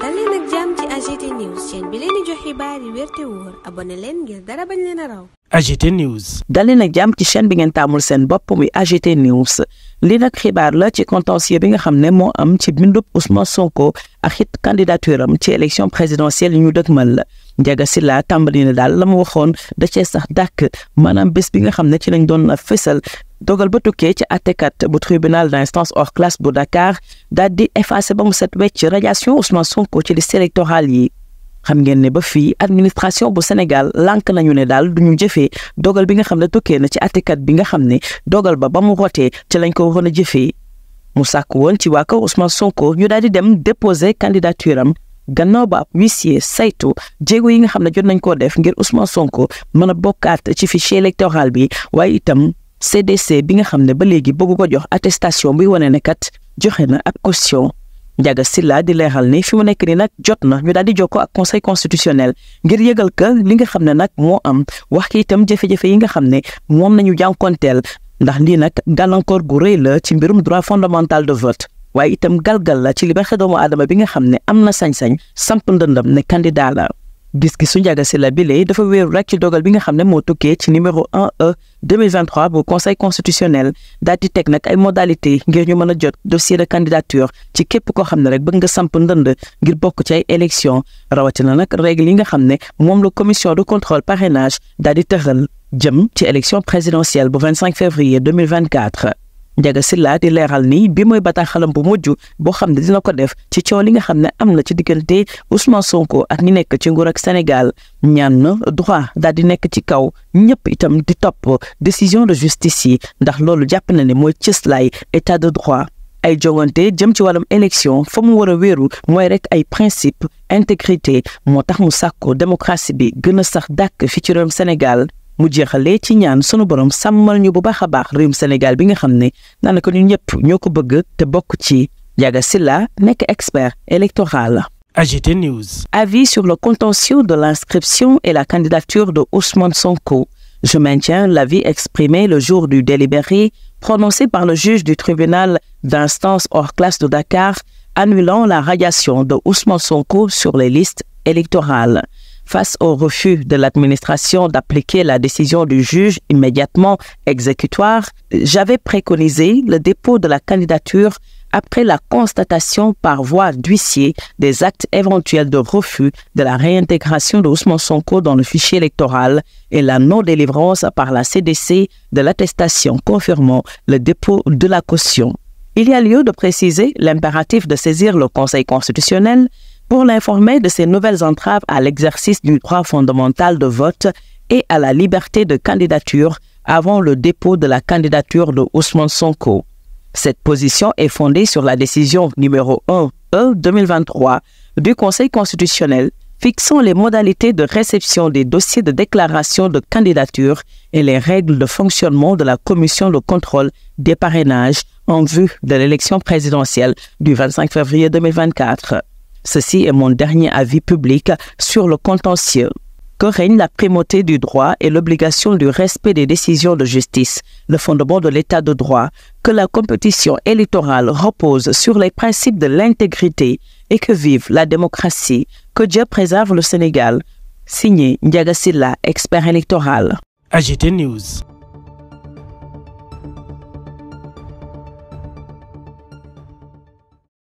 dal leen ci AGT News chaîne bi leen di jox xibaar yi wér te wóor abonné leen dara bañ leen a raw. AGT News. dal leen ak jàmm ci chaîne bi ngeen taamul seen bopp muy AGT News lii nag xibaar la ci contentieux bi nga xam ne moo am ci bindub Ousmane Sonko ak it candidature am ci élection présidentielle yi ñu dëgmal la. Ndiaga Sylla tàmbali na daal la mu waxoon da cee sax dàkk maanaam bés bi nga xam ne ci lañ doon fësal dogal ba tukkee ci àttekat bu tribunal d'instance hors classe bu Dakar daal di effacé ba mu set wecc radiation Ousmane Sonko ci liste électorale yi xam ngeen ne ba fii administration bu Sénégal lànk nañu ne daal du ñu jëfee dogal bi nga xam ne tukkee na ci àttekat bi nga xam ne dogal ba ba mu rotee ci lañ ko waroon a jëfee mu sàkk woon ci waa Sonko ñu daal di dem déposer candidature am gannaaw ba ab huissier saytu jéego yi nga xam ne jot nañ koo def ngir Ousmane Sonko mën a bokkaat ci fichier électoral bi waaye itam. CDC bi nga xam ne ba léegi bëgg ko jox attestation bi wane ne kat joxe na ab caution Ndiaga Sylla di leeral ni fi mu nekk nii nag jot na ñu daal di jokkoo ak conseil constitutionnel ngir yëgal ka li nga xam ne nag moo am wax ki itam jafe-jafe yi nga xam ne moom nañu jànkonteel ndax ndi nag gàllankoor gu rëy la ci mbirum droit fondamental de vote waaye itam gal la ci liberté doomu aadama bi nga xam ne am na sañ-sañ samp ndëndam ne candidat la gis-gisu Ndiaga Sylla bi lee dafa wéeru rek dogal bi nga xam ne moo tukkee ci numéro 1E 2023 bu conseil constitutionnel daal di teg nag ay modalité ngir ñu mën a jot dossier de candidature ci képp koo xam ne rek bëgg nga samp ndënd ngir bokk ci ay élection rawatina nag règle yi nga xam ne moom la commission de contrôle parrainage daal di tëral jëm ci cinq présidentielle bu 25 février 2024 Ndiaga Sylla di leeral ni bi moy bataaxalam bu mujj boo xam ne dina ko def ci coow li nga xam ne am na ci diggante Ousmane Sonko ak ñi nekk ci nguur ak Sénégal ñaan na droit daal di nekk ci kaw ñëpp itam di topp décision de justice yi ndax loolu jàpp na ne mooy cëslaay état de droit ay jongante jëm ci wàllum élection fa mu war a wéeru mooy rek ay principe intégrité moo tax mu sàkku démocratie bi gën a sax dàkk fi ci réewum Sénégal mu jeexalee ci ñaan sunu borom sàmmal ñu bu baax a baax réewum Sénégal bi nga xam ne daanaka ñun ñëpp ñoo ko bëgg te bokk ci Ndiaga Sylla nekk expert électoral. AGT News. Avis sur le contentieux de l'inscription et la candidature de Ousmane Sonko. Je maintiens l'avis exprimé le jour du délibéré prononcé par le juge du tribunal d'instance hors classe de Dakar annulant la radiation de Ousmane Sonko sur les listes électorales. Face au refus de l'administration d'appliquer la décision du juge immédiatement exécutoire, j'avais préconisé le dépôt de la candidature après la constatation par voie d'huissier des actes éventuels de refus de la réintégration de Ousmane Sonko dans le fichier électoral et la non-délivrance par la CDC de l'attestation confirmant le dépôt de la caution. Il y a lieu de préciser l'impératif de saisir le Conseil constitutionnel pour l'informer de ces nouvelles entraves à l'exercice du droit fondamental de vote et à la liberté de candidature avant le dépôt de la candidature de Ousmane Sonko. Cette position est fondée sur la décision numéro 1E 2023 du Conseil constitutionnel fixant les modalités de réception des dossiers de déclaration de candidature et les règles de fonctionnement de la commission de contrôle des parrainages en vue de l'élection présidentielle du 25 février 2024. Ceci est mon dernier avis public sur le contentieux que règne la primauté du droit et l'obligation du respect des décisions de justice, le fondement de l'état de droit, que la compétition électorale repose sur les principes de l'intégrité et que vive la démocratie, que Dieu préserve le Sénégal. Signé Ndiagasila, expert électoral. AGT News.